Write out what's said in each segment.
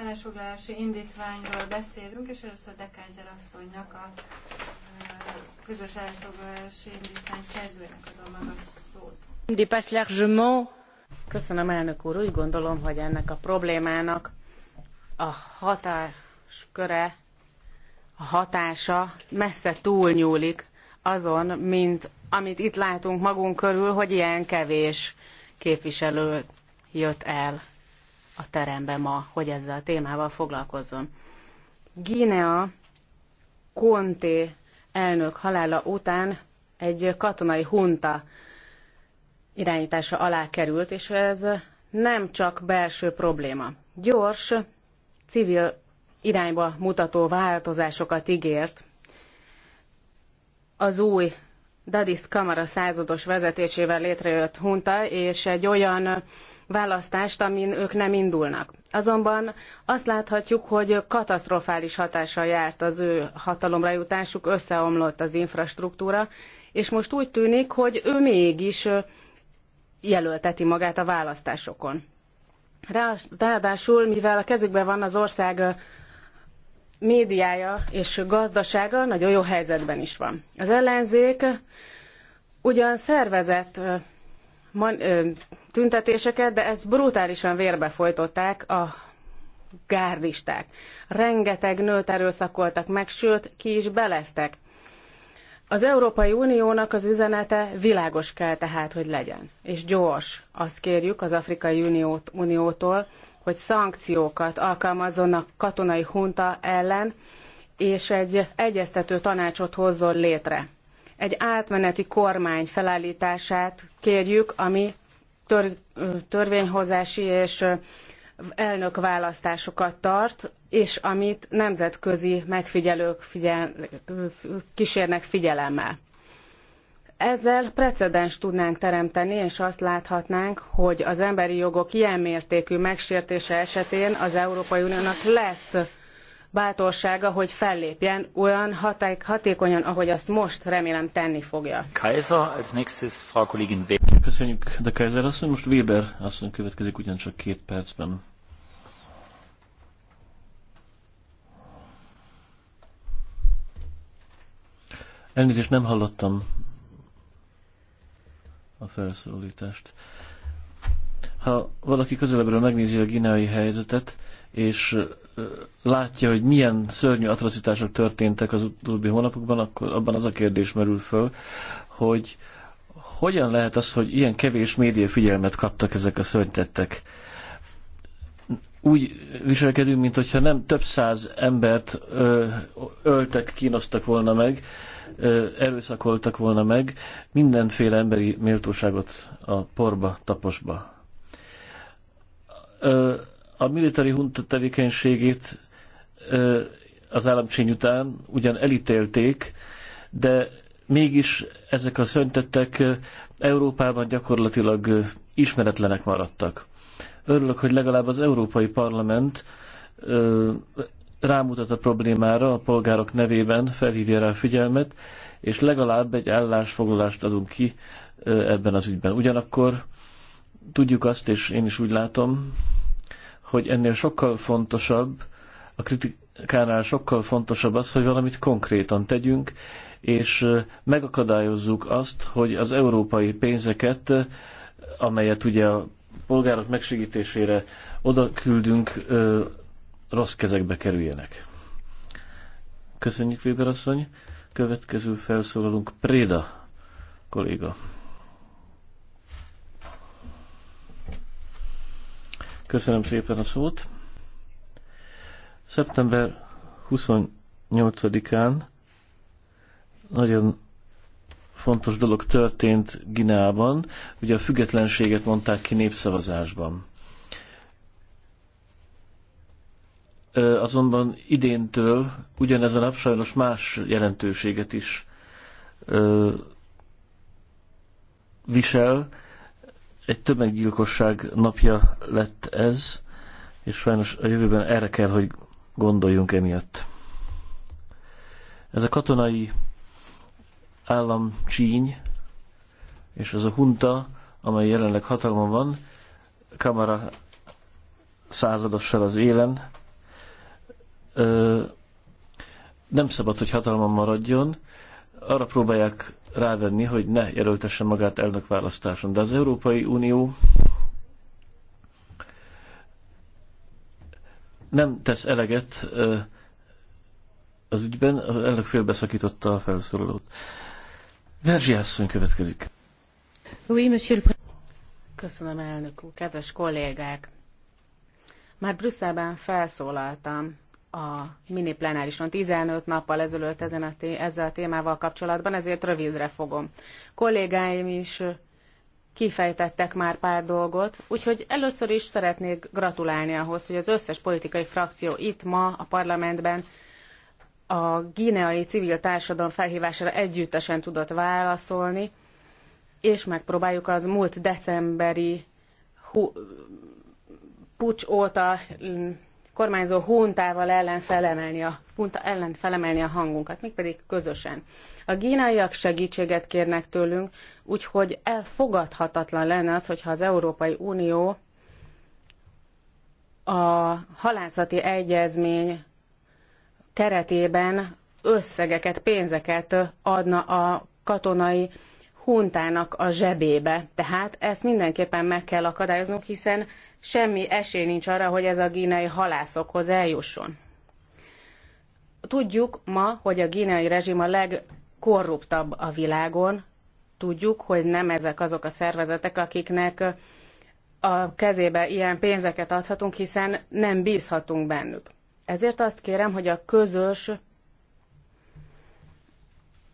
állásfoglalási indítványról beszélünk, és először Dekázer asszonynak a közös állásfoglalási indítvány szerzőjének adom meg a szót. Köszönöm, elnök úr. Úgy gondolom, hogy ennek a problémának a hatásköre, a hatása messze túlnyúlik azon, mint amit itt látunk magunk körül, hogy ilyen kevés képviselő jött el a terembe ma, hogy ezzel a témával foglalkozzon. Guinea Conté elnök halála után egy katonai hunta irányítása alá került, és ez nem csak belső probléma. Gyors, civil irányba mutató változásokat ígért az új Dadis Kamara százados vezetésével létrejött hunta, és egy olyan választást, amin ők nem indulnak. Azonban azt láthatjuk, hogy katasztrofális hatással járt az ő hatalomra jutásuk, összeomlott az infrastruktúra, és most úgy tűnik, hogy ő mégis jelölteti magát a választásokon. Ráadásul, mivel a kezükben van az ország médiája és gazdasága nagyon jó helyzetben is van. Az ellenzék ugyan szervezett tüntetéseket, de ezt brutálisan vérbe folytották a gárdisták. Rengeteg nőt erőszakoltak meg, sőt, ki is beleztek. Az Európai Uniónak az üzenete világos kell tehát, hogy legyen, és gyors. Azt kérjük az Afrikai Uniót, Uniótól, hogy szankciókat alkalmazzon a katonai hunta ellen, és egy egyeztető tanácsot hozzon létre. Egy átmeneti kormány felállítását kérjük, ami tör, törvényhozási és elnökválasztásokat tart, és amit nemzetközi megfigyelők figyel, kísérnek figyelemmel. Ezzel precedens tudnánk teremteni, és azt láthatnánk, hogy az emberi jogok ilyen mértékű megsértése esetén az Európai Uniónak lesz bátorsága, hogy fellépjen olyan haték, hatékonyan, ahogy azt most remélem tenni fogja. Kaiser, als nächstes Frau Kollegin Weber. Köszönjük, de Kaiser asszony, most Weber asszony következik ugyancsak két percben. Elnézést, nem hallottam a felszólítást. Ha valaki közelebbről megnézi a gineai helyzetet, és látja, hogy milyen szörnyű atrocitások történtek az utóbbi hónapokban, akkor abban az a kérdés merül föl, hogy hogyan lehet az, hogy ilyen kevés média figyelmet kaptak ezek a szörnytettek úgy viselkedünk, mint hogyha nem több száz embert öltek, kínoztak volna meg, erőszakoltak volna meg, mindenféle emberi méltóságot a porba, taposba. a militári hunta tevékenységét az államcsény után ugyan elítélték, de mégis ezek a szöntettek Európában gyakorlatilag ismeretlenek maradtak Örülök, hogy legalább az Európai Parlament rámutat a problémára, a polgárok nevében felhívja rá a figyelmet, és legalább egy állásfoglalást adunk ki ebben az ügyben. Ugyanakkor tudjuk azt, és én is úgy látom, hogy ennél sokkal fontosabb, a kritikánál sokkal fontosabb az, hogy valamit konkrétan tegyünk, és megakadályozzuk azt, hogy az európai pénzeket, amelyet ugye a polgárok megsegítésére oda küldünk, ö, rossz kezekbe kerüljenek. Köszönjük, Weber asszony. Következő felszólalunk Préda kolléga. Köszönöm szépen a szót. Szeptember 28-án nagyon fontos dolog történt Gineában, ugye a függetlenséget mondták ki népszavazásban. Azonban idéntől ugyanez a nap sajnos más jelentőséget is visel. Egy tömeggyilkosság napja lett ez, és sajnos a jövőben erre kell, hogy gondoljunk emiatt. Ez a katonai Állam csíny, és az a hunta, amely jelenleg hatalmon van, kamera századossal az élen, ö, nem szabad, hogy hatalmon maradjon. Arra próbálják rávenni, hogy ne jelöltesse magát elnök választáson. De az Európai Unió nem tesz eleget az ügyben, az elnök félbeszakította a felszólalót. Verzsi asszony következik. Oui, monsieur le... Köszönöm, elnök úr, kedves kollégák! Már Brüsszelben felszólaltam a mini plenárison 15 nappal ezelőtt ezen a té- ezzel a témával kapcsolatban, ezért rövidre fogom. Kollégáim is kifejtettek már pár dolgot, úgyhogy először is szeretnék gratulálni ahhoz, hogy az összes politikai frakció itt ma a parlamentben a gíneai civil társadalom felhívására együttesen tudott válaszolni, és megpróbáljuk az múlt decemberi hu- pucs óta kormányzó huntával ellen felemelni a, hunta ellen felemelni a hangunkat, mégpedig közösen. A gínaiak segítséget kérnek tőlünk, úgyhogy elfogadhatatlan lenne az, hogyha az Európai Unió a halászati egyezmény keretében összegeket, pénzeket adna a katonai huntának a zsebébe. Tehát ezt mindenképpen meg kell akadályoznunk, hiszen semmi esély nincs arra, hogy ez a gínai halászokhoz eljusson. Tudjuk ma, hogy a gínai rezsim a legkorruptabb a világon. Tudjuk, hogy nem ezek azok a szervezetek, akiknek a kezébe ilyen pénzeket adhatunk, hiszen nem bízhatunk bennük. Ezért azt kérem, hogy a közös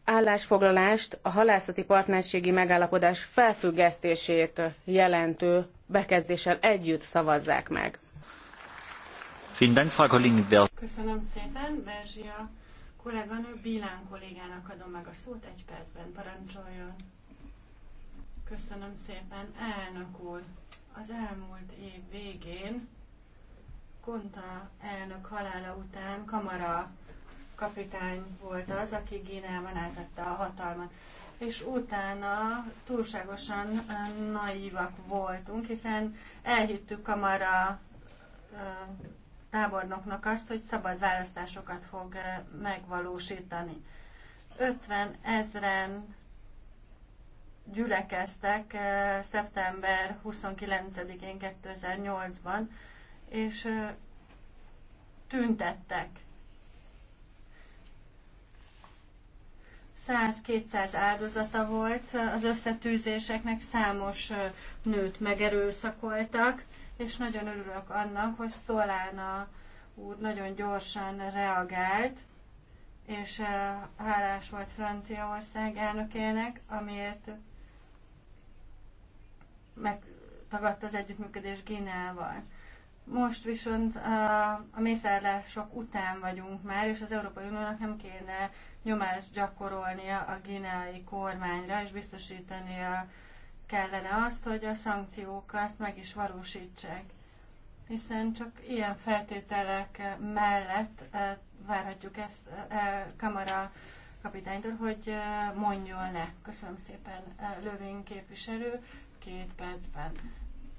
állásfoglalást a halászati partnerségi megállapodás felfüggesztését jelentő bekezdéssel együtt szavazzák meg. Köszönöm szépen, Berzsia kolléganő Bílán kollégának adom meg a szót egy percben, parancsoljon. Köszönöm szépen, elnök úr. Az elmúlt év végén Kunta elnök halála után Kamara kapitány volt az, aki Gínában átvette a hatalmat. És utána túlságosan naívak voltunk, hiszen elhittük Kamara tábornoknak azt, hogy szabad választásokat fog megvalósítani. 50 ezren gyülekeztek szeptember 29-én 2008-ban, és tüntettek. 100-200 áldozata volt az összetűzéseknek, számos nőt megerőszakoltak, és nagyon örülök annak, hogy Szolána úr nagyon gyorsan reagált, és hálás volt Franciaország elnökének, amiért megtagadta az együttműködés Gineával. Most viszont uh, a mészárlások után vagyunk már, és az Európai Uniónak nem kéne nyomást gyakorolnia a gineai kormányra, és biztosítania kellene azt, hogy a szankciókat meg is valósítsák. Hiszen csak ilyen feltételek mellett uh, várhatjuk ezt uh, Kamara kapitánytól, hogy mondjon le. Köszönöm szépen, Lövén képviselő, két percben.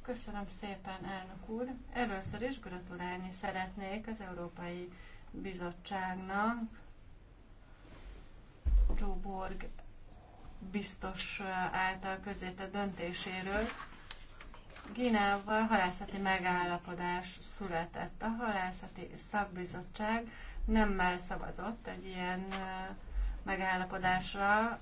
Köszönöm szépen, elnök úr. Először is gratulálni szeretnék az Európai Bizottságnak, Joe Borg biztos által a döntéséről. Gínával halászati megállapodás született. A halászati szakbizottság nemmel szavazott egy ilyen megállapodásra.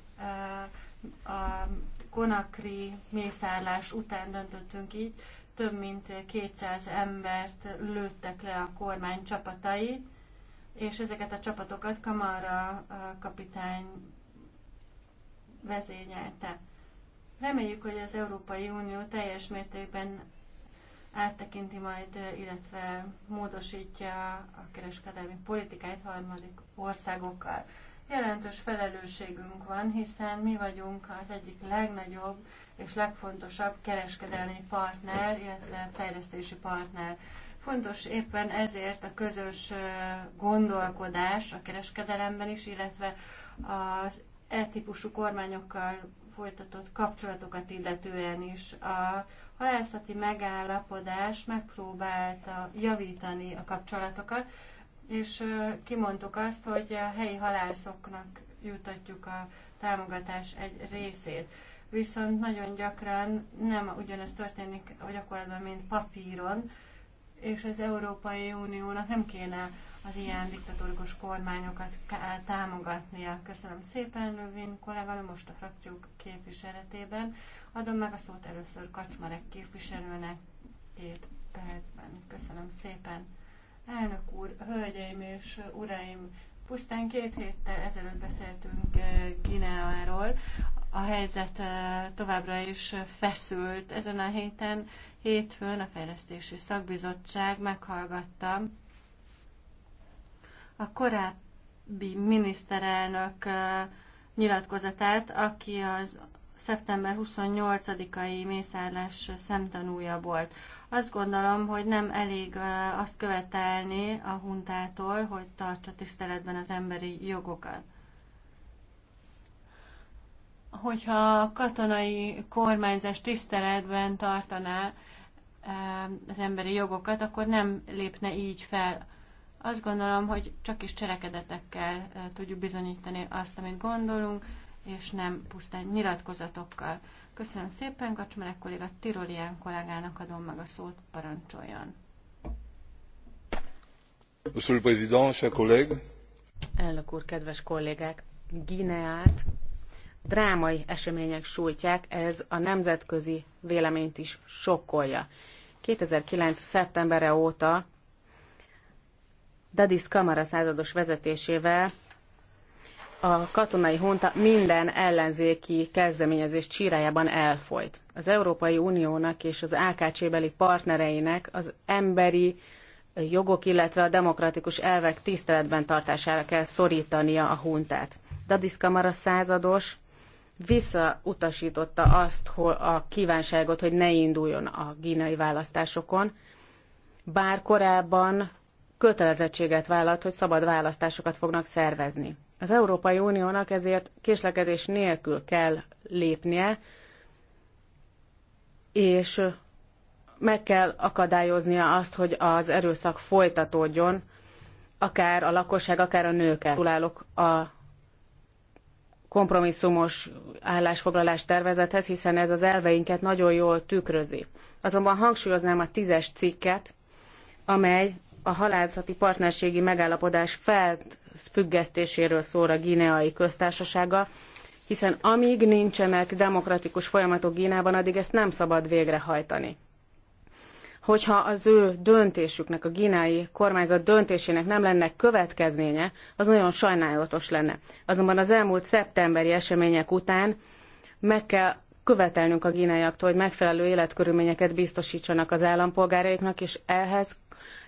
A konakri mészárlás után döntöttünk így, több mint 200 embert lőttek le a kormány csapatai, és ezeket a csapatokat Kamara kapitány vezényelte. Reméljük, hogy az Európai Unió teljes mértékben áttekinti majd, illetve módosítja a kereskedelmi politikáit harmadik országokkal. Jelentős felelősségünk van, hiszen mi vagyunk az egyik legnagyobb és legfontosabb kereskedelmi partner, illetve fejlesztési partner. Fontos éppen ezért a közös gondolkodás a kereskedelemben is, illetve az e-típusú kormányokkal folytatott kapcsolatokat illetően is. A halászati megállapodás megpróbálta javítani a kapcsolatokat, és kimondtuk azt, hogy a helyi halászoknak jutatjuk a támogatás egy részét. Viszont nagyon gyakran nem ugyanez történik a gyakorlatban, mint papíron, és az Európai Uniónak nem kéne az ilyen diktatórikus kormányokat támogatnia. Köszönöm szépen, Lövin kollega, most a frakciók képviseletében. Adom meg a szót először Kacsmarek képviselőnek két percben. Köszönöm szépen. Elnök úr, hölgyeim és uraim, pusztán két héttel ezelőtt beszéltünk eh, Gineáról. A helyzet eh, továbbra is feszült. Ezen a héten, hétfőn a Fejlesztési Szakbizottság meghallgatta a korábbi miniszterelnök eh, nyilatkozatát, aki az szeptember 28-ai mészárlás szemtanúja volt. Azt gondolom, hogy nem elég azt követelni a huntától, hogy tartsa tiszteletben az emberi jogokat. Hogyha a katonai kormányzás tiszteletben tartaná az emberi jogokat, akkor nem lépne így fel. Azt gondolom, hogy csak is cselekedetekkel tudjuk bizonyítani azt, amit gondolunk és nem pusztán nyilatkozatokkal. Köszönöm szépen, Gacsmerek kolléga Tirolián kollégának adom meg a szót, parancsoljon. Monsieur le Président, chers collègues. Elnök úr, kedves kollégák! Gineát drámai események sújtják, ez a nemzetközi véleményt is sokkolja. 2009. szeptembere óta Dadis Kamara százados vezetésével a katonai hunta minden ellenzéki kezdeményezés csírájában elfolyt. Az Európai Uniónak és az AKC-beli partnereinek az emberi jogok, illetve a demokratikus elvek tiszteletben tartására kell szorítania a huntát. Dadis Kamara százados visszautasította azt a kívánságot, hogy ne induljon a gínai választásokon, bár korábban kötelezettséget vállalt, hogy szabad választásokat fognak szervezni. Az Európai Uniónak ezért késlekedés nélkül kell lépnie, és meg kell akadályoznia azt, hogy az erőszak folytatódjon, akár a lakosság, akár a nőkkel. Tulálok a kompromisszumos állásfoglalás tervezethez, hiszen ez az elveinket nagyon jól tükrözi. Azonban hangsúlyoznám a tízes cikket, amely a halászati partnerségi megállapodás felfüggesztéséről szól a Gineai köztársasága, hiszen amíg nincsenek demokratikus folyamatok Gínában, addig ezt nem szabad végrehajtani. Hogyha az ő döntésüknek, a gínai kormányzat döntésének nem lenne következménye, az nagyon sajnálatos lenne. Azonban az elmúlt szeptemberi események után meg kell követelnünk a gínaiaktól, hogy megfelelő életkörülményeket biztosítsanak az állampolgáraiknak, és ehhez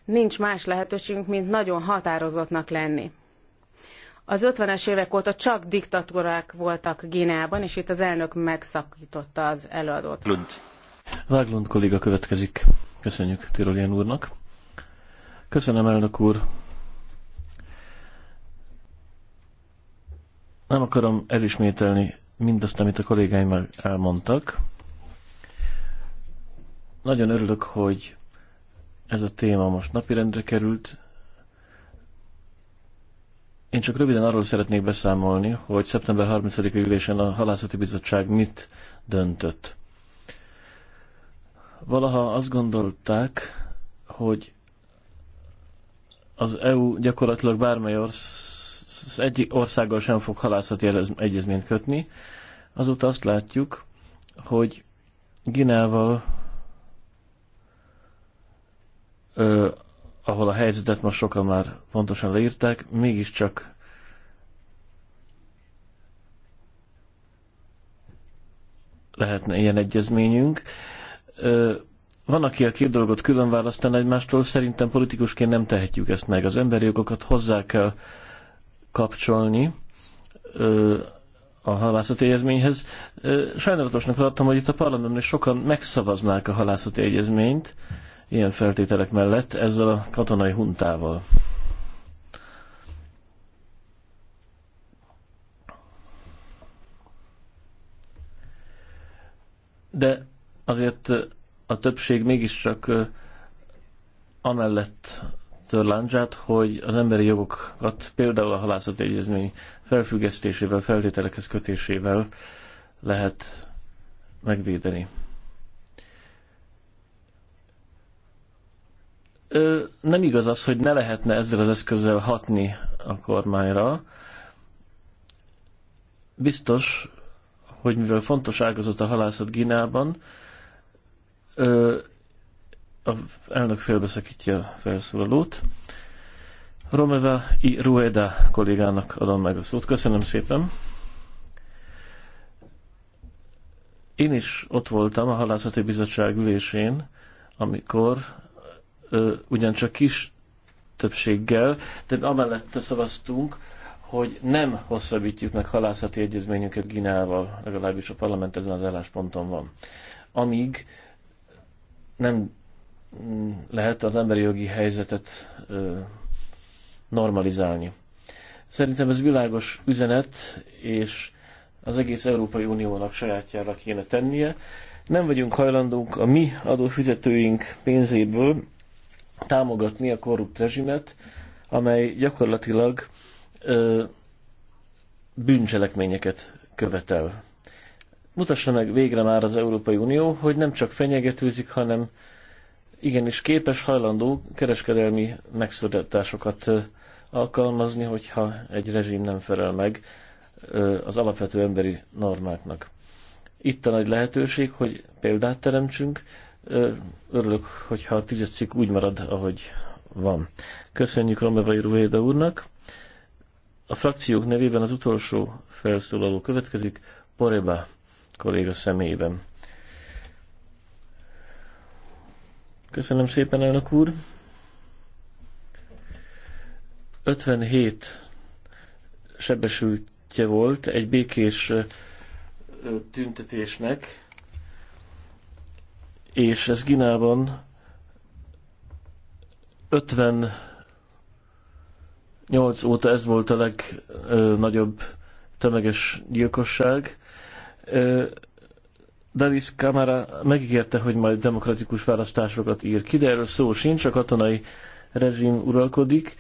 nincs más lehetőségünk, mint nagyon határozottnak lenni. Az 50-es évek óta csak diktatúrák voltak Gineában, és itt az elnök megszakította az előadót. Lund. Váglund kolléga következik. Köszönjük Tirolien úrnak. Köszönöm, elnök úr. Nem akarom elismételni mindazt, amit a kollégáim elmondtak. Nagyon örülök, hogy ez a téma most napirendre került. Én csak röviden arról szeretnék beszámolni, hogy szeptember 30 a ülésen a Halászati Bizottság mit döntött. Valaha azt gondolták, hogy az EU gyakorlatilag bármely orsz, egy országgal sem fog halászati egyezményt kötni. Azóta azt látjuk, hogy Ginával ö, ahol a helyzetet most sokan már pontosan leírták, mégiscsak lehetne ilyen egyezményünk. Ö, van, aki a két dolgot külön választan egymástól, szerintem politikusként nem tehetjük ezt meg. Az emberi jogokat hozzá kell kapcsolni ö, a halászati egyezményhez. Ö, sajnálatosnak tartom, hogy itt a parlamentben sokan megszavaznák a halászati egyezményt, ö, ilyen feltételek mellett ezzel a katonai huntával. De azért a többség mégiscsak amellett tör láncsát, hogy az emberi jogokat például a halászati egyezmény felfüggesztésével, feltételekhez kötésével lehet megvédeni. nem igaz az, hogy ne lehetne ezzel az eszközzel hatni a kormányra. Biztos, hogy mivel fontos ágazat a halászat Gínában, a elnök félbeszakítja a felszólalót. Romeva I. Rueda kollégának adom meg a szót. Köszönöm szépen. Én is ott voltam a halászati bizottság ülésén, amikor ugyancsak kis többséggel, de amellett szavaztunk, hogy nem hosszabbítjuk meg halászati egyezményünket Gineával, legalábbis a parlament ezen az állásponton van. Amíg nem mm, lehet az emberi jogi helyzetet ö, normalizálni. Szerintem ez világos üzenet, és az egész Európai Uniónak sajátjára kéne tennie. Nem vagyunk hajlandók a mi adófizetőink pénzéből támogatni a korrupt rezsimet, amely gyakorlatilag ö, bűncselekményeket követel. Mutassa meg végre már az Európai Unió, hogy nem csak fenyegetőzik, hanem igenis képes, hajlandó kereskedelmi megszorításokat alkalmazni, hogyha egy rezsim nem felel meg az alapvető emberi normáknak. Itt a nagy lehetőség, hogy példát teremtsünk, Örülök, hogyha a tízes cikk úgy marad, ahogy van. Köszönjük Romevai Ruhéda úrnak. A frakciók nevében az utolsó felszólaló következik, Poreba kolléga személyében. Köszönöm szépen, elnök úr! 57 sebesültje volt egy békés tüntetésnek, és ez Ginában 58 óta ez volt a legnagyobb tömeges gyilkosság. Davis Kamara megígérte, hogy majd demokratikus választásokat ír ki, de erről szó sincs, a katonai rezsim uralkodik,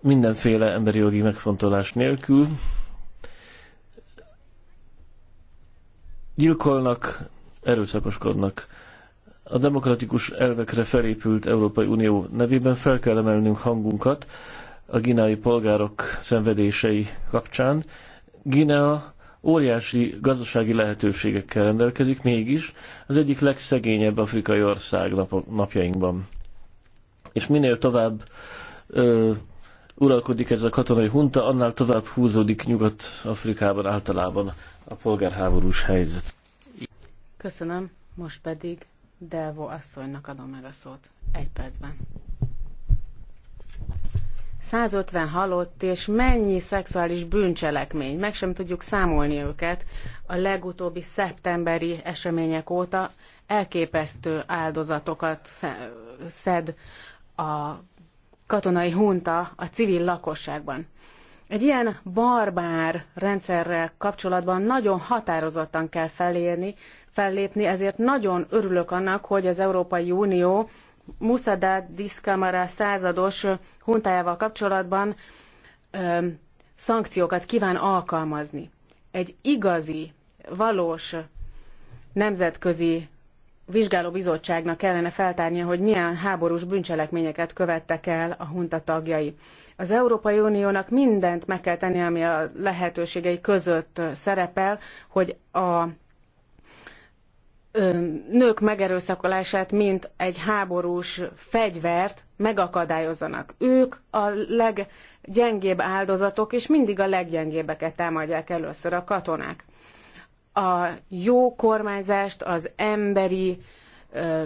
mindenféle emberi jogi megfontolás nélkül. Gyilkolnak, erőszakoskodnak a demokratikus elvekre felépült Európai Unió nevében fel kell emelnünk hangunkat a ginai polgárok szenvedései kapcsán. Guinea óriási gazdasági lehetőségekkel rendelkezik, mégis az egyik legszegényebb afrikai ország napjainkban. És minél tovább ö, uralkodik ez a katonai hunta, annál tovább húzódik Nyugat-Afrikában általában a polgárháborús helyzet. Köszönöm, most pedig Delvo asszonynak adom meg a szót. Egy percben. 150 halott, és mennyi szexuális bűncselekmény. Meg sem tudjuk számolni őket. A legutóbbi szeptemberi események óta elképesztő áldozatokat szed a katonai hunta a civil lakosságban. Egy ilyen barbár rendszerrel kapcsolatban nagyon határozottan kell felérni, fellépni, ezért nagyon örülök annak, hogy az Európai Unió Musada Diszkamara százados huntájával kapcsolatban ö, szankciókat kíván alkalmazni. Egy igazi, valós nemzetközi vizsgáló bizottságnak kellene feltárnia, hogy milyen háborús bűncselekményeket követtek el a hunta tagjai. Az Európai Uniónak mindent meg kell tenni, ami a lehetőségei között szerepel, hogy a nők megerőszakolását, mint egy háborús fegyvert megakadályozzanak. Ők a leggyengébb áldozatok, és mindig a leggyengébbeket támadják először a katonák a jó kormányzást, az emberi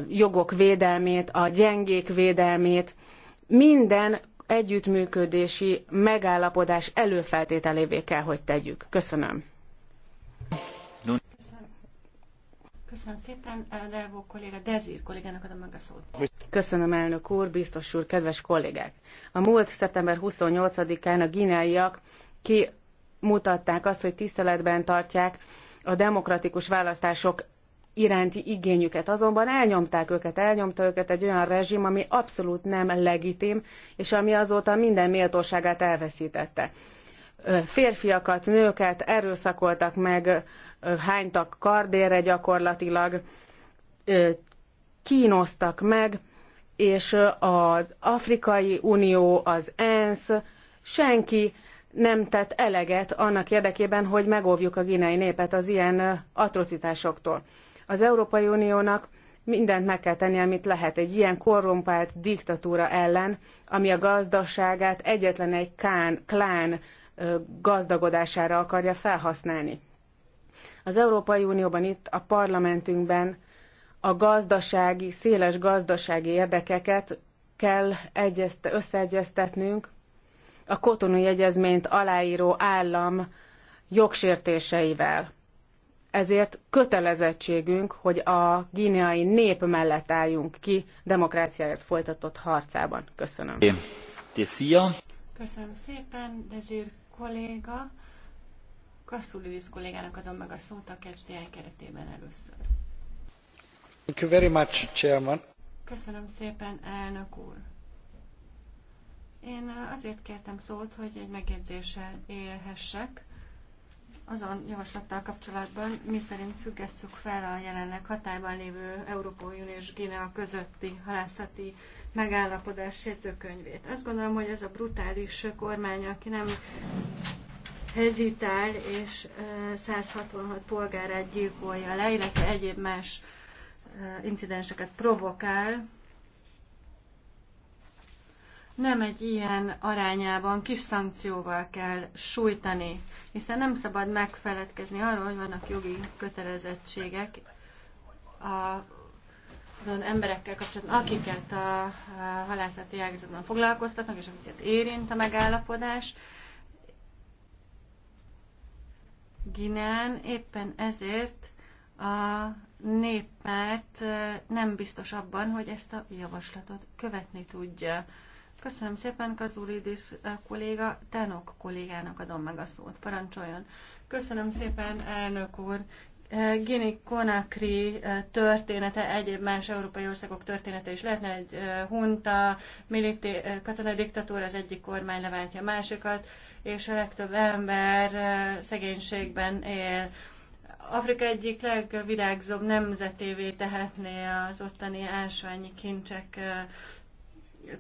jogok védelmét, a gyengék védelmét, minden együttműködési megállapodás előfeltételévé kell, hogy tegyük. Köszönöm. Köszönöm, Köszönöm szépen, Delvó kolléga, Dezír kollégának adom meg a szót. Köszönöm, elnök úr, biztos úr, kedves kollégák! A múlt szeptember 28-án a gineaiak kimutatták azt, hogy tiszteletben tartják a demokratikus választások iránti igényüket. Azonban elnyomták őket, elnyomta őket egy olyan rezsim, ami abszolút nem legitim, és ami azóta minden méltóságát elveszítette. Férfiakat, nőket erőszakoltak meg, hánytak kardére gyakorlatilag, kínoztak meg, és az Afrikai Unió, az ENSZ, senki nem tett eleget annak érdekében, hogy megóvjuk a ginei népet az ilyen atrocitásoktól. Az Európai Uniónak mindent meg kell tenni, amit lehet egy ilyen korrumpált diktatúra ellen, ami a gazdaságát egyetlen egy kán, klán gazdagodására akarja felhasználni. Az Európai Unióban itt a parlamentünkben a gazdasági, széles gazdasági érdekeket kell egyezt, összeegyeztetnünk a kotonui egyezményt aláíró állam jogsértéseivel. Ezért kötelezettségünk, hogy a gíneai nép mellett álljunk ki demokráciáért folytatott harcában. Köszönöm. Desia. Köszönöm szépen, Dezsír kolléga. Kasszulidis kollégának adom meg a szót a KSDI keretében először. Thank you very much, Chairman. Köszönöm szépen, elnök úr. Én azért kértem szót, hogy egy megjegyzéssel élhessek azon javaslattal kapcsolatban, mi szerint függesszük fel a jelenleg hatályban lévő Európai Unió és Guinea közötti halászati megállapodás jegyzőkönyvét. Azt gondolom, hogy ez a brutális kormány, aki nem hezitál és 166 polgárát gyilkolja le, illetve egyéb más incidenseket provokál, nem egy ilyen arányában kis szankcióval kell sújtani, hiszen nem szabad megfeledkezni arról, hogy vannak jogi kötelezettségek a azon emberekkel kapcsolatban, akiket a, halászati ágazatban foglalkoztatnak, és akiket érint a megállapodás. Ginán éppen ezért a néppárt nem biztos abban, hogy ezt a javaslatot követni tudja. Köszönöm szépen, Kazulidis eh, kolléga, Tenok kollégának adom meg a szót. Parancsoljon. Köszönöm szépen, elnök úr. Eh, Gini Konakri eh, története, egyéb más európai országok története is lehetne egy hunta, militi, katonai diktatúra, az egyik kormány leváltja a másikat, és a legtöbb ember szegénységben él. Afrika egyik legvirágzóbb nemzetévé tehetné az ottani ásványi kincsek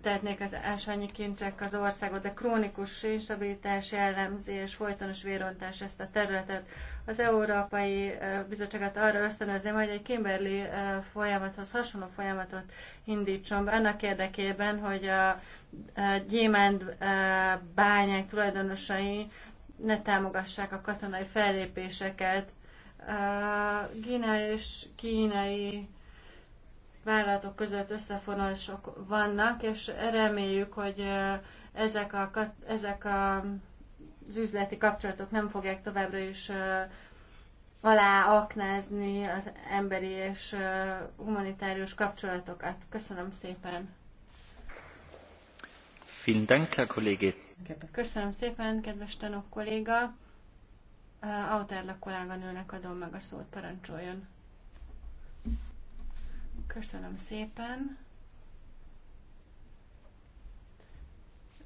tehetnék az ásványi kincsek az országot, de krónikus instabilitás jellemzi és folytonos vérontás ezt a területet. Az Európai Bizottságot arra ösztönözni, hogy egy Kimberley folyamathoz hasonló folyamatot indítson be, annak érdekében, hogy a gyémánt bányák tulajdonosai ne támogassák a katonai fellépéseket. Gína és kínai vállalatok között összefonások vannak, és reméljük, hogy ezek, a, ezek a, az üzleti kapcsolatok nem fogják továbbra is aláaknázni az emberi és humanitárius kapcsolatokat. Köszönöm szépen! Vielen Dank, Herr Kollege. Köszönöm szépen, kedves tanok kolléga. Auterla kolléganőnek adom meg a szót, parancsoljon. Köszönöm szépen.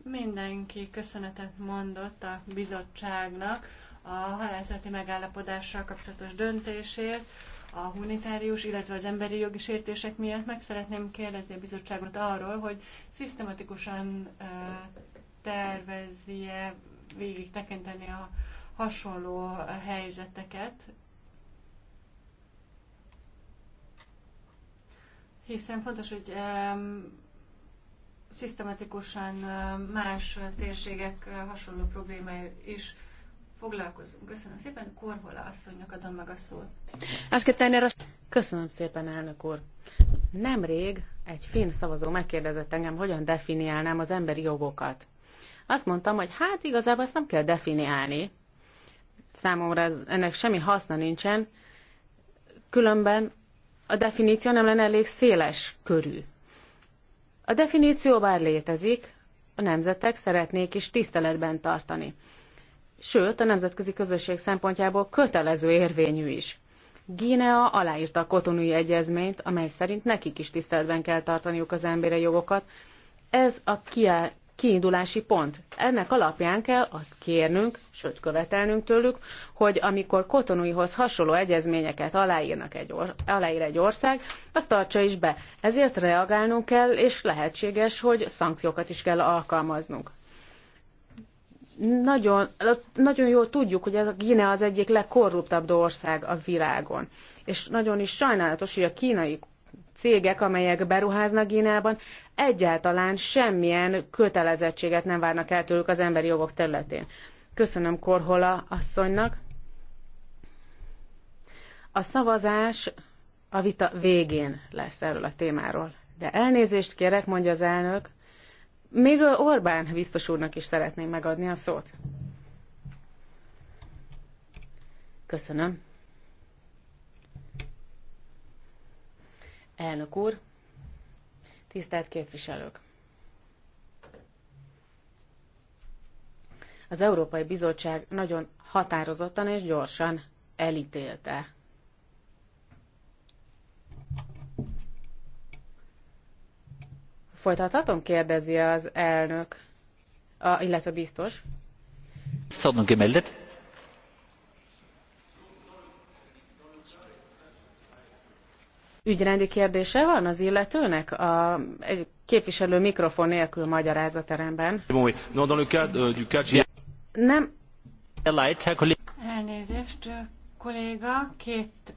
Mindenki köszönetet mondott a bizottságnak a halászati megállapodással kapcsolatos döntésért, a humanitárius, illetve az emberi jogi sértések miatt. Meg szeretném kérdezni a bizottságot arról, hogy szisztematikusan tervezi-e végig tekinteni a hasonló helyzeteket, hiszen fontos, hogy szisztematikusan más térségek hasonló problémája is foglalkozunk. Köszönöm szépen, Korhola asszonynak adom meg a szót. Köszönöm szépen, elnök úr. Nemrég egy finn szavazó megkérdezett engem, hogyan definiálnám az emberi jogokat. Azt mondtam, hogy hát igazából ezt nem kell definiálni. Számomra ez, ennek semmi haszna nincsen, különben a definíció nem lenne elég széles körű. A definíció bár létezik, a nemzetek szeretnék is tiszteletben tartani. Sőt, a nemzetközi közösség szempontjából kötelező érvényű is. Gínea aláírta a kotonúi egyezményt, amely szerint nekik is tiszteletben kell tartaniuk az emberi jogokat. Ez a kiindulási pont. Ennek alapján kell azt kérnünk, sőt követelnünk tőlük, hogy amikor kotonúihoz hasonló egyezményeket aláírnak egy or- aláír egy ország, azt tartsa is be. Ezért reagálnunk kell, és lehetséges, hogy szankciókat is kell alkalmaznunk. Nagyon, nagyon jól tudjuk, hogy ez a Kína az egyik legkorruptabb ország a világon. És nagyon is sajnálatos, hogy a kínai cégek, amelyek beruháznak Gínában, egyáltalán semmilyen kötelezettséget nem várnak el tőlük az emberi jogok területén. Köszönöm Korhola asszonynak. A szavazás a vita végén lesz erről a témáról. De elnézést kérek, mondja az elnök. Még Orbán biztos úrnak is szeretném megadni a szót. Köszönöm. Elnök úr, tisztelt képviselők! Az Európai Bizottság nagyon határozottan és gyorsan elítélte Folytathatom? kérdezi az elnök, a, illetve biztos. Szabadon gemeldet. ügyrendi kérdése van az illetőnek? A, egy képviselő mikrofon nélkül magyaráz a teremben. Euh, nem. Elnézést, kolléga, két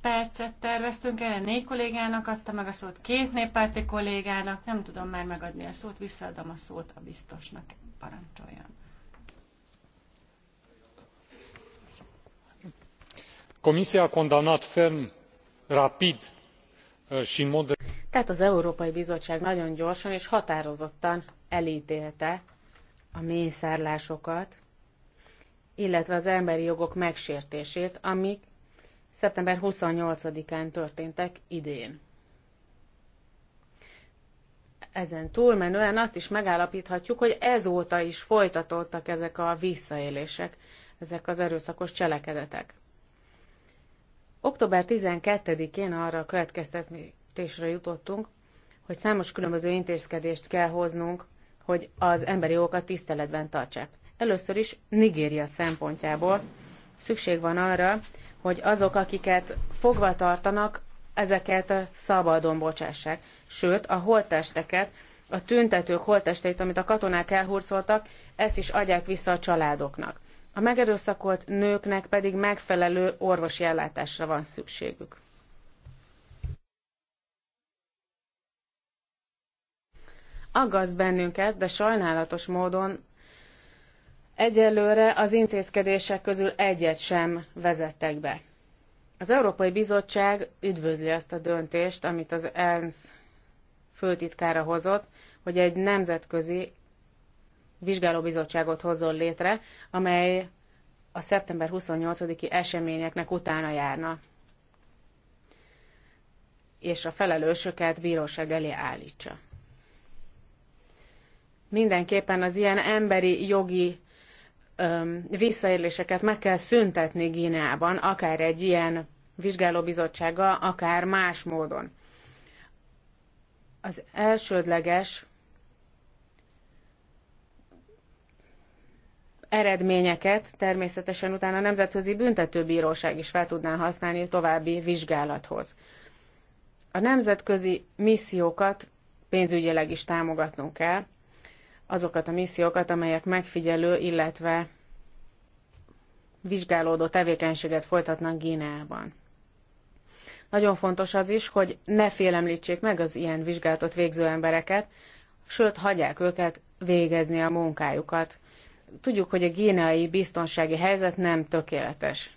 percet terveztünk erre, négy kollégának adta meg a szót, két néppárti kollégának, nem tudom már megadni a szót, visszaadom a szót a biztosnak, parancsoljon. Komisia a condamnat ferm, rapid tehát az Európai Bizottság nagyon gyorsan és határozottan elítélte a mészárlásokat, illetve az emberi jogok megsértését, amik szeptember 28-án történtek idén. Ezen túlmenően azt is megállapíthatjuk, hogy ezóta is folytatódtak ezek a visszaélések, ezek az erőszakos cselekedetek. Október 12-én arra a következtetésre jutottunk, hogy számos különböző intézkedést kell hoznunk, hogy az emberi jogokat tiszteletben tartsák. Először is Nigéria szempontjából szükség van arra, hogy azok, akiket fogva tartanak, ezeket szabadon bocsássák. Sőt, a holttesteket, a tüntetők holttesteit, amit a katonák elhurcoltak, ezt is adják vissza a családoknak. A megerőszakolt nőknek pedig megfelelő orvosi ellátásra van szükségük. Aggaszt bennünket, de sajnálatos módon egyelőre az intézkedések közül egyet sem vezettek be. Az Európai Bizottság üdvözli azt a döntést, amit az ENSZ főtitkára hozott, hogy egy nemzetközi vizsgálóbizottságot hozzon létre, amely a szeptember 28-i eseményeknek utána járna, és a felelősöket bíróság elé állítsa. Mindenképpen az ilyen emberi jogi öm, visszaéléseket meg kell szüntetni Gíneában, akár egy ilyen vizsgálóbizottsággal, akár más módon. Az elsődleges eredményeket természetesen utána a Nemzetközi Büntetőbíróság is fel tudná használni további vizsgálathoz. A nemzetközi missziókat pénzügyileg is támogatnunk kell, azokat a missziókat, amelyek megfigyelő, illetve vizsgálódó tevékenységet folytatnak Gíneában. Nagyon fontos az is, hogy ne félemlítsék meg az ilyen vizsgálatot végző embereket, sőt, hagyják őket végezni a munkájukat tudjuk, hogy a géneai biztonsági helyzet nem tökéletes.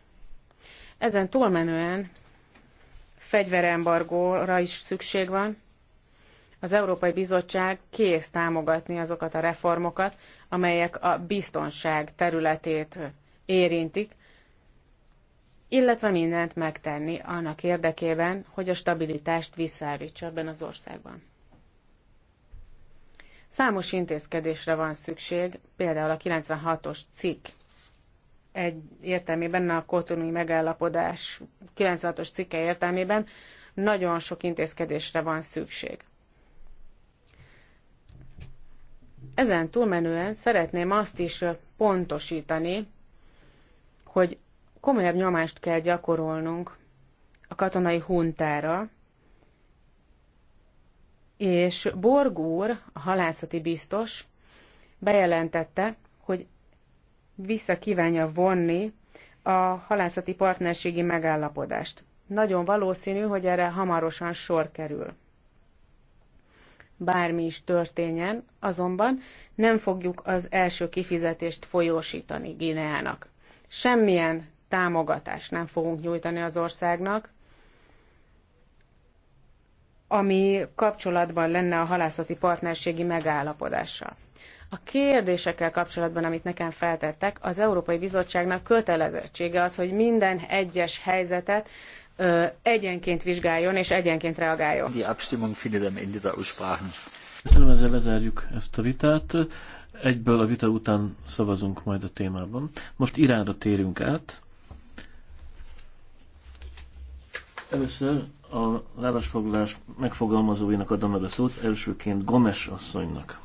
Ezen túlmenően fegyverembargóra is szükség van. Az Európai Bizottság kész támogatni azokat a reformokat, amelyek a biztonság területét érintik, illetve mindent megtenni annak érdekében, hogy a stabilitást visszaállítsa ebben az országban. Számos intézkedésre van szükség, például a 96-os cikk egy értelmében, a kotonui megállapodás 96-os cikke értelmében nagyon sok intézkedésre van szükség. Ezen túlmenően szeretném azt is pontosítani, hogy komolyabb nyomást kell gyakorolnunk a katonai huntára, és Borgúr, a halászati biztos, bejelentette, hogy vissza kívánja vonni a halászati partnerségi megállapodást. Nagyon valószínű, hogy erre hamarosan sor kerül. Bármi is történjen, azonban nem fogjuk az első kifizetést folyósítani Gineának. Semmilyen támogatást nem fogunk nyújtani az országnak, ami kapcsolatban lenne a halászati partnerségi megállapodással. A kérdésekkel kapcsolatban, amit nekem feltettek, az Európai Bizottságnak kötelezettsége az, hogy minden egyes helyzetet ö, egyenként vizsgáljon és egyenként reagáljon. Die Abstimmung findet am Ende der Aussprachen. Köszönöm, ezzel lezárjuk ezt a vitát. Egyből a vita után szavazunk majd a témában. Most Iránra térünk át. Először a állásfoglalás megfogalmazóinak adom meg a szót, elsőként Gomes asszonynak.